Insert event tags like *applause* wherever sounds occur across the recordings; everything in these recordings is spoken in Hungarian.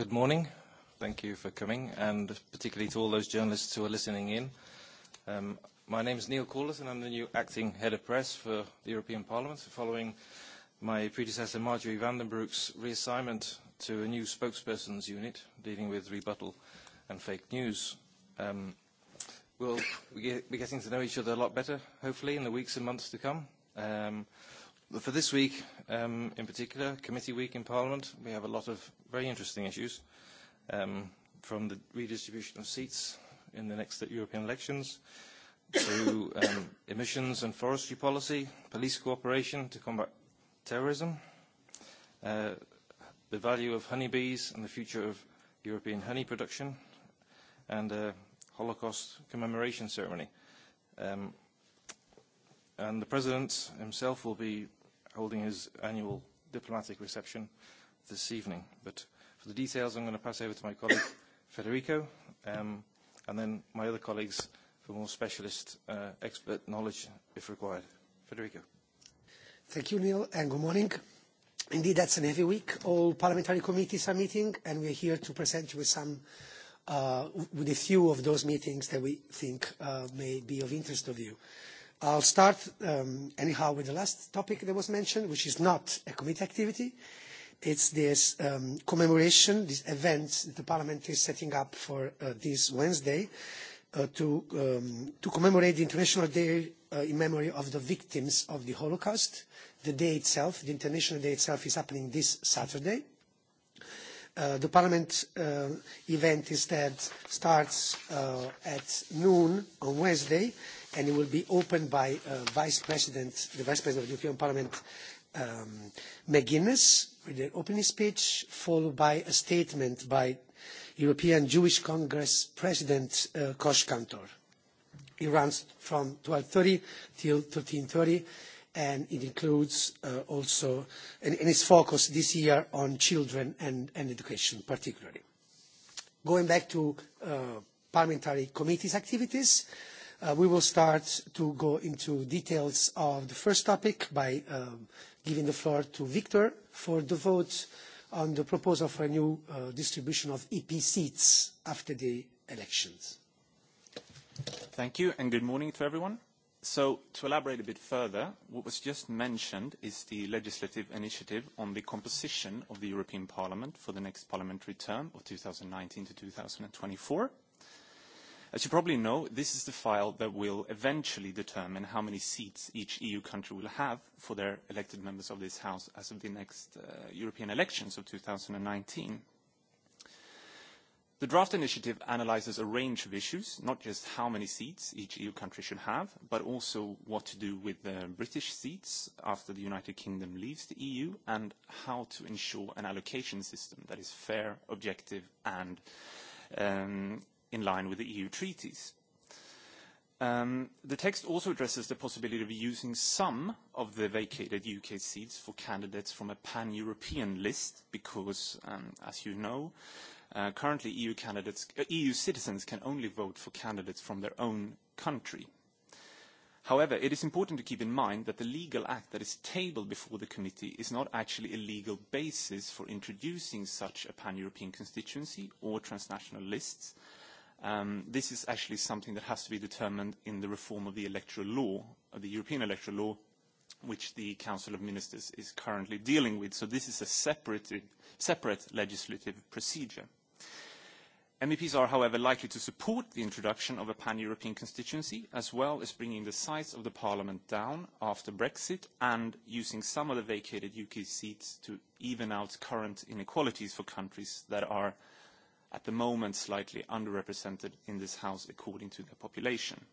good morning. Thank you for coming, and particularly to all those journalists who are listening in. Um, my name is Neil Corliss, and I'm the new acting head of press for the European Parliament, following my predecessor Marjorie van den Broek's reassignment to a new spokesperson's unit dealing with rebuttal and fake news. Um, we'll be getting to know each other a lot better, hopefully, in the weeks and months to come. Um, for this week, um, in particular, committee week in Parliament, we have a lot of very interesting issues, um, from the redistribution of seats in the next European elections to um, emissions and forestry policy, police cooperation to combat terrorism, uh, the value of honeybees and the future of European honey production, and a Holocaust commemoration ceremony. Um, and the President himself will be holding his annual diplomatic reception this evening. But for the details, I'm going to pass over to my colleague *coughs* Federico, um, and then my other colleagues for more specialist uh, expert knowledge if required. Federico. Thank you, Neil, and good morning. Indeed, that's an heavy week. All parliamentary committees are meeting, and we're here to present you with some, uh, with a few of those meetings that we think uh, may be of interest to you. I'll start um, anyhow with the last topic that was mentioned, which is not a committee activity. It's this um, commemoration, this event that the Parliament is setting up for uh, this Wednesday uh, to, um, to commemorate the International Day uh, in memory of the victims of the Holocaust. The day itself, the International Day itself, is happening this Saturday. Uh, the Parliament uh, event instead starts uh, at noon on Wednesday, and it will be opened by uh, Vice President, the Vice President of the European Parliament, um, McGuinness, with the opening speech, followed by a statement by European Jewish Congress President uh, Koshkantor. It runs from 12.30 till 13.30 and it includes uh, also, and, and it's focused this year on children and, and education particularly. Going back to uh, parliamentary committees activities, uh, we will start to go into details of the first topic by um, giving the floor to Victor for the vote on the proposal for a new uh, distribution of EP seats after the elections. Thank you and good morning to everyone. So to elaborate a bit further, what was just mentioned is the legislative initiative on the composition of the European Parliament for the next parliamentary term of 2019 to 2024. As you probably know, this is the file that will eventually determine how many seats each EU country will have for their elected members of this House as of the next uh, European elections of 2019. The draft initiative analyzes a range of issues, not just how many seats each EU country should have, but also what to do with the British seats after the United Kingdom leaves the EU and how to ensure an allocation system that is fair, objective and um, in line with the EU treaties. Um, the text also addresses the possibility of using some of the vacated UK seats for candidates from a pan-European list because, um, as you know, Uh, currently, EU, candidates, uh, EU citizens can only vote for candidates from their own country. However, it is important to keep in mind that the legal act that is tabled before the committee is not actually a legal basis for introducing such a pan-European constituency or transnational lists. Um, this is actually something that has to be determined in the reform of the electoral law, of the European electoral law, which the Council of Ministers is currently dealing with. So this is a separate, separate legislative procedure. MEPs are, however, likely to support the introduction of a pan-European constituency, as well as bringing the size of the parliament down after Brexit and using some of the vacated UK seats to even out current inequalities for countries that are at the moment slightly underrepresented in this house according to their population.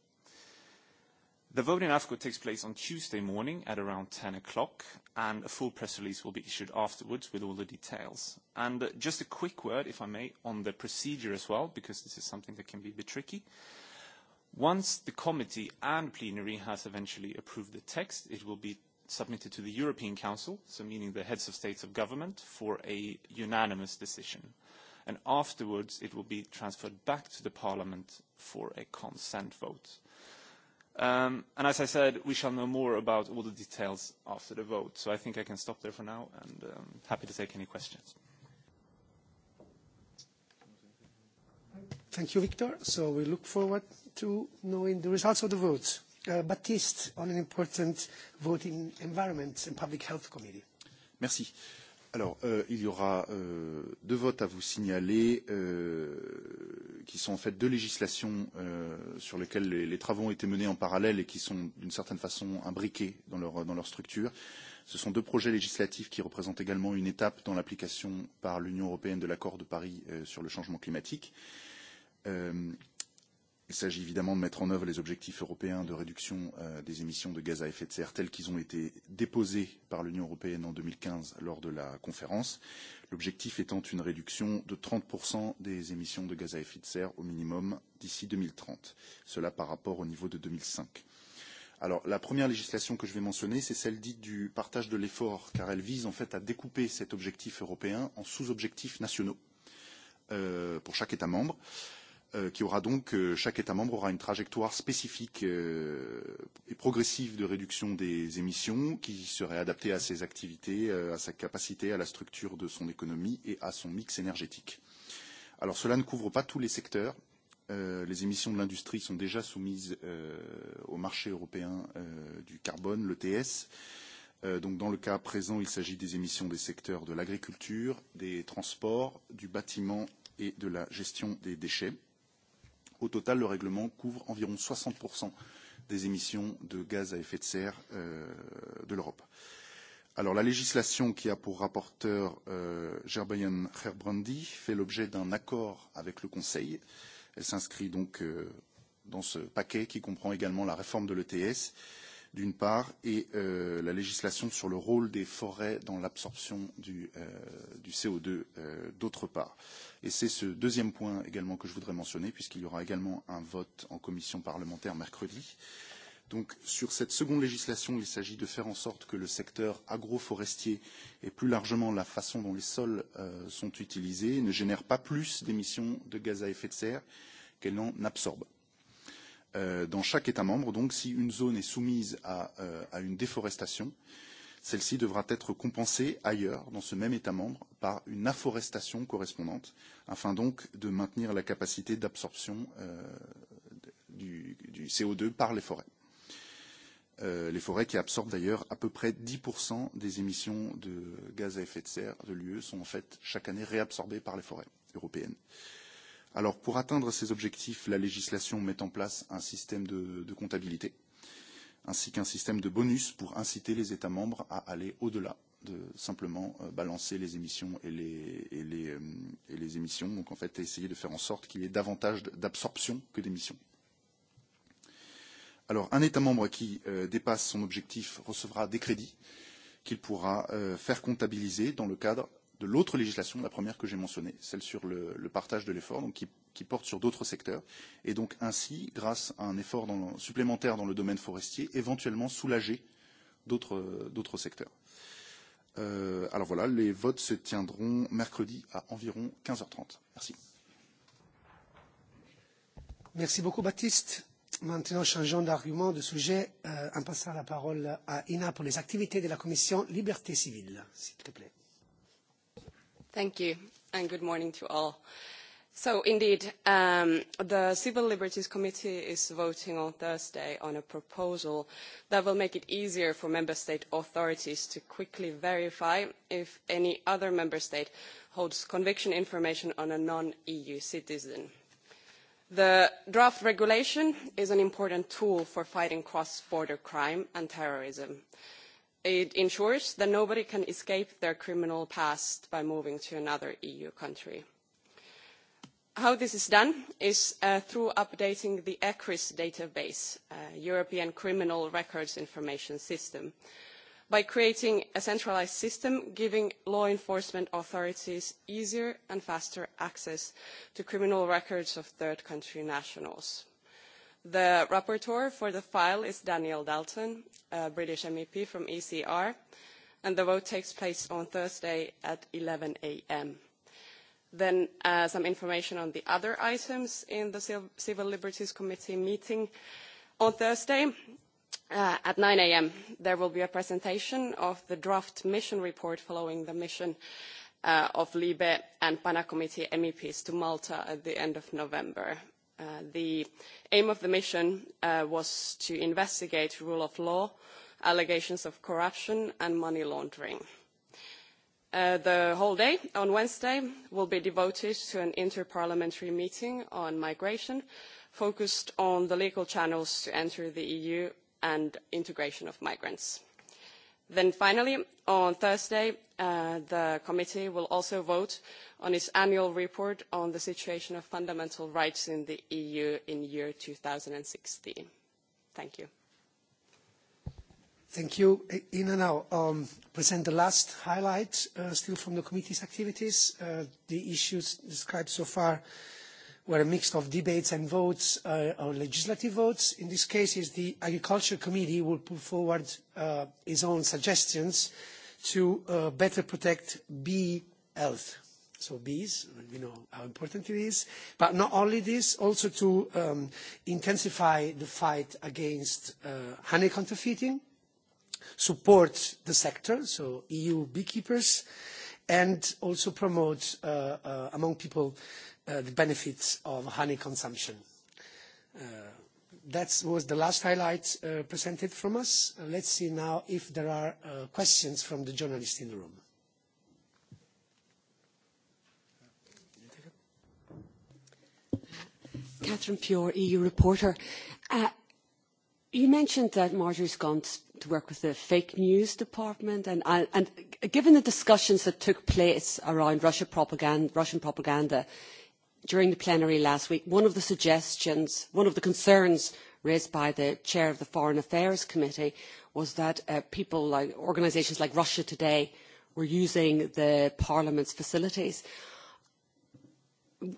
The vote in AFCO takes place on Tuesday morning at around 10:00, o'clock, and a full press release will be issued afterwards with all the details. Uh, just a quick word, if I may, on the procedure as well, because this is something that can be a bit tricky. Once the committee and plenary has eventually approved the text, it will be submitted to the European Council, so meaning the heads of states of government, for a unanimous decision. afterwards, it will be transferred back to the Parliament for a consent vote. Um, and as I said, we shall know more about all the details after the vote. So I think I can stop there for now and i am um, happy to take any questions. Thank you, Victor. So we look forward to knowing the results of the votes. Uh, Baptiste on an important vote in Environment and Public Health Committee. Merci. Alors, euh, il y aura euh, deux votes à vous signaler, euh, qui sont en fait deux législations euh, sur lesquelles les, les travaux ont été menés en parallèle et qui sont d'une certaine façon imbriqués dans leur, dans leur structure. Ce sont deux projets législatifs qui représentent également une étape dans l'application par l'Union européenne de l'accord de Paris euh, sur le changement climatique. Euh, Il s'agit évidemment de mettre en œuvre les objectifs européens de réduction euh, des émissions de gaz à effet de serre tels qu'ils ont été déposés par l'Union européenne en 2015 lors de la conférence, l'objectif étant une réduction de 30% des émissions de gaz à effet de serre au minimum d'ici 2030, cela par rapport au niveau de 2005. Alors, la première législation que je vais mentionner, c'est celle dite du partage de l'effort, car elle vise en fait à découper cet objectif européen en sous-objectifs nationaux euh, pour chaque État membre. Euh, Euh, qui aura donc euh, chaque État membre aura une trajectoire spécifique euh, et progressive de réduction des émissions qui serait adaptée à ses activités, à sa capacité, à la structure de son économie et à son mix énergétique. Alors cela ne couvre pas tous les secteurs. Euh, les émissions de l'industrie sont déjà soumises euh, au marché européen euh, du carbone, l'ETS. Euh, donc dans le cas présent, il s'agit des émissions des secteurs de l'agriculture, des transports, du bâtiment et de la gestion des déchets. Au total, le règlement couvre environ 60% des émissions de gaz à effet de serre euh, de l'Europe. Alors la législation qui a pour rapporteur euh, Gerbayan Herbrandi fait l'objet d'un accord avec le Conseil. Elle s'inscrit donc euh, dans ce paquet qui comprend également la réforme de l'ETS Euh, d'une part, et euh, la législation sur le rôle des forêts dans l'absorption du, euh, du CO2, euh, d'autre part. Et c'est ce deuxième point également que je voudrais mentionner, puisqu'il y aura également un vote en commission parlementaire mercredi. Donc sur cette seconde législation, il s'agit de faire en sorte que le secteur agroforestier et plus largement la façon dont les sols euh, sont utilisés ne génèrent pas plus d'émissions de gaz à effet de serre qu'elles n'en absorbent. Euh, dans chaque État membre. Donc, si une zone est soumise à, euh, à une déforestation, celle-ci devra être compensée ailleurs, dans ce même État membre, par une afforestation correspondante, afin donc de maintenir la capacité d'absorption euh, du, du CO2 par les forêts. Euh, les forêts qui absorbent d'ailleurs à peu près 10% des émissions de gaz à effet de serre de l'UE sont en fait chaque année réabsorbées par les forêts européennes. Euh, Alors pour atteindre ces objectifs, la législation met en place un système de, de comptabilité ainsi qu'un système de bonus pour inciter les États membres à aller au-delà de simplement euh, balancer les émissions et les, et, les, euh, et les émissions, donc en fait essayer de faire en sorte qu'il y ait davantage d'absorption que d'émissions. Alors un État membre qui euh, dépasse son objectif recevra des crédits qu'il pourra euh, faire comptabiliser dans le cadre de l'autre législation, la première que j'ai mentionnée, celle sur le, le partage de l'effort, donc qui, qui porte sur d'autres secteurs, et donc ainsi, grâce à un effort dans, supplémentaire dans le domaine forestier, éventuellement soulager d'autres secteurs. Euh, alors voilà, les votes se tiendront mercredi à environ 15h30. Merci. Merci beaucoup Baptiste. Maintenant, changeons d'argument, de sujet, euh, en passant la parole à Ina pour les activités de la Commission Liberté Civile, s'il te plaît. Thank you, and good morning to all. So indeed, um, the Civil Liberties Committee is voting on Thursday on a proposal that will make it easier for member state authorities to quickly verify if any other member state holds conviction information on a non-EU citizen. The draft regulation is an important tool for fighting cross-border crime and terrorism it ensures that nobody can escape their criminal past by moving to another eu country. how this is done is uh, through updating the ecris database uh, european criminal records information system by creating a centralised system giving law enforcement authorities easier and faster access to criminal records of third country nationals. The rapporteur for the file is Daniel Dalton, a British MEP from ECR, and the vote takes place on Thursday at 11 a.m. Then uh, some information on the other items in the Civil Liberties Committee meeting on Thursday. Uh, at 9 a.m., there will be a presentation of the draft mission report following the mission uh, of LIBE and PANA Committee MEPs to Malta at the end of November Uh, the aim of the mission uh, was to investigate rule of law, allegations of corruption and money laundering. Uh, the whole day on Wednesday will be devoted to an inter-parliamentary meeting on migration focused on the legal channels to enter the EU and integration of migrants. Then finally, on Thursday, uh, the committee will also vote on its annual report on the situation of fundamental rights in the EU in year 2016. Thank you. Thank you. Ina now um, present the last highlight uh, still from the committee's activities, uh, the issues described so far were a mix of debates and votes uh, or legislative votes. In this case, is the Agriculture Committee will put forward uh, its own suggestions to uh, better protect bee health. So bees, you know how important it is. But not only this, also to um, intensify the fight against uh, honey counterfeiting, support the sector, so EU beekeepers, and also promote uh, uh, among people Uh, the benefits of honey consumption. Uh, that was the last highlight uh, presented from us. let's see now if there are questions from the journalists in the room. Catherine Pure, EU reporter. you mentioned that Marjorie's gone to work with the fake news department, and, and, given the discussions that took place around Russian propaganda during the plenary last week one of the suggestions one of the concerns raised by the chair of the foreign affairs committee was that uh, people like organisations like russia today were using the parliament's facilities.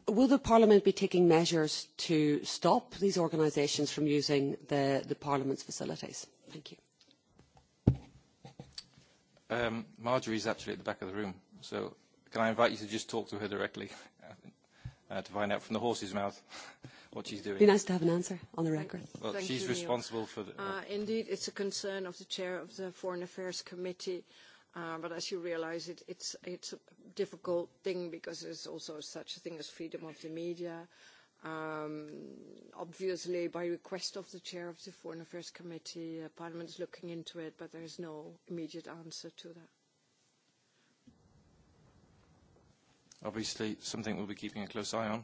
will the parliament be taking measures to stop these organisations from using the, the parliament's facilities? thank you. Um, marjorie's actually at the back of the room so can i invite you to just talk to her directly? *laughs* uh, to find out from the horse's mouth *laughs* what she's doing. Be nice to have an answer on the record. Well, Thank she's you, responsible Neil. for the. Uh, uh, indeed, it's a concern of the chair of the Foreign Affairs Committee. Uh, but as you realize, it, it's, it's a difficult thing because there's also such a thing as freedom of the media. Um, obviously, by request of the chair of the Foreign Affairs Committee, uh, Parliament is looking into it, but there is no immediate answer to that. obviously something we'll be keeping a close eye on.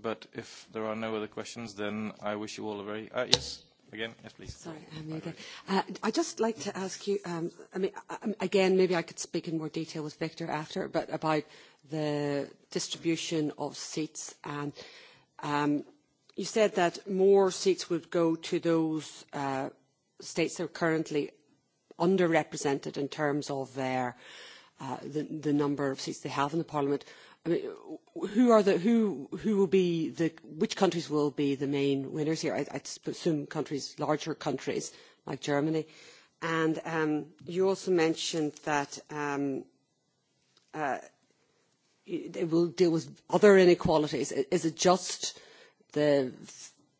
But if there are no other questions, then I wish you all a very... Uh, yes, again, yes, please. Sorry, um, again. Uh, I'd just like to ask you, um, I mean, uh, um, again, maybe I could speak in more detail with Victor after, but about the distribution of seats. And um, you said that more seats would go to those uh, states that are currently underrepresented in terms of their uh, uh, the, the number of seats they have in the parliament. I mean, who are the who who will be the which countries will be the main winners here? I, I assume countries larger countries like Germany, and um, you also mentioned that um, uh, it will deal with other inequalities. Is it just the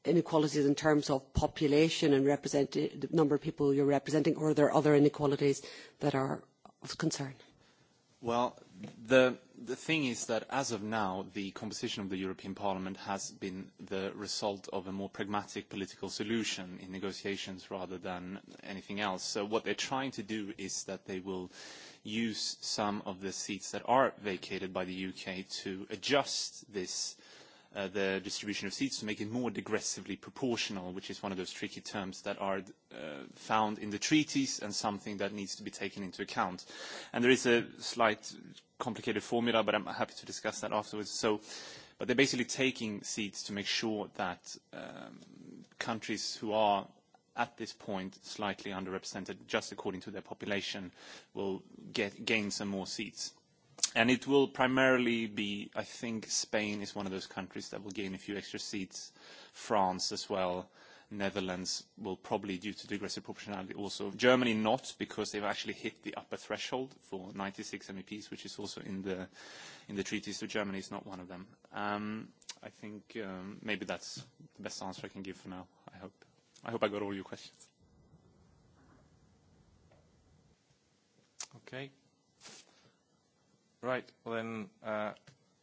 inequalities in terms of population and represent, the number of people you're representing, or are there other inequalities that are of concern? Well, the, the thing is that as of now, the composition of the European Parliament has been the result of a more pragmatic political solution in negotiations rather than anything else. So what they're trying to do is that they will use some of the seats that are vacated by the UK to adjust this Uh, the distribution of seats to make it more digressively proportional, which is one of those tricky terms that are uh, found in the treaties and something that needs to be taken into account. And there is a slight complicated formula, but I'm happy to discuss that afterwards. So, but they're basically taking seats to make sure that um, countries who are at this point slightly underrepresented, just according to their population, will get, gain some more seats and it will primarily be, I think, Spain is one of those countries that will gain a few extra seats, France as well, Netherlands will probably, due to digressive proportionality, also Germany not, because they've actually hit the upper threshold for 96 MEPs, which is also in the in the treaty. So Germany is not one of them. Um, I think um, maybe that's the best answer I can give for now. I hope. I hope I got all your questions. Okay. Right. Well, then uh,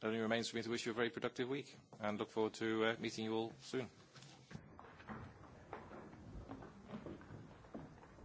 it only remains for me to wish you a very productive week and look forward to uh, meeting you all soon.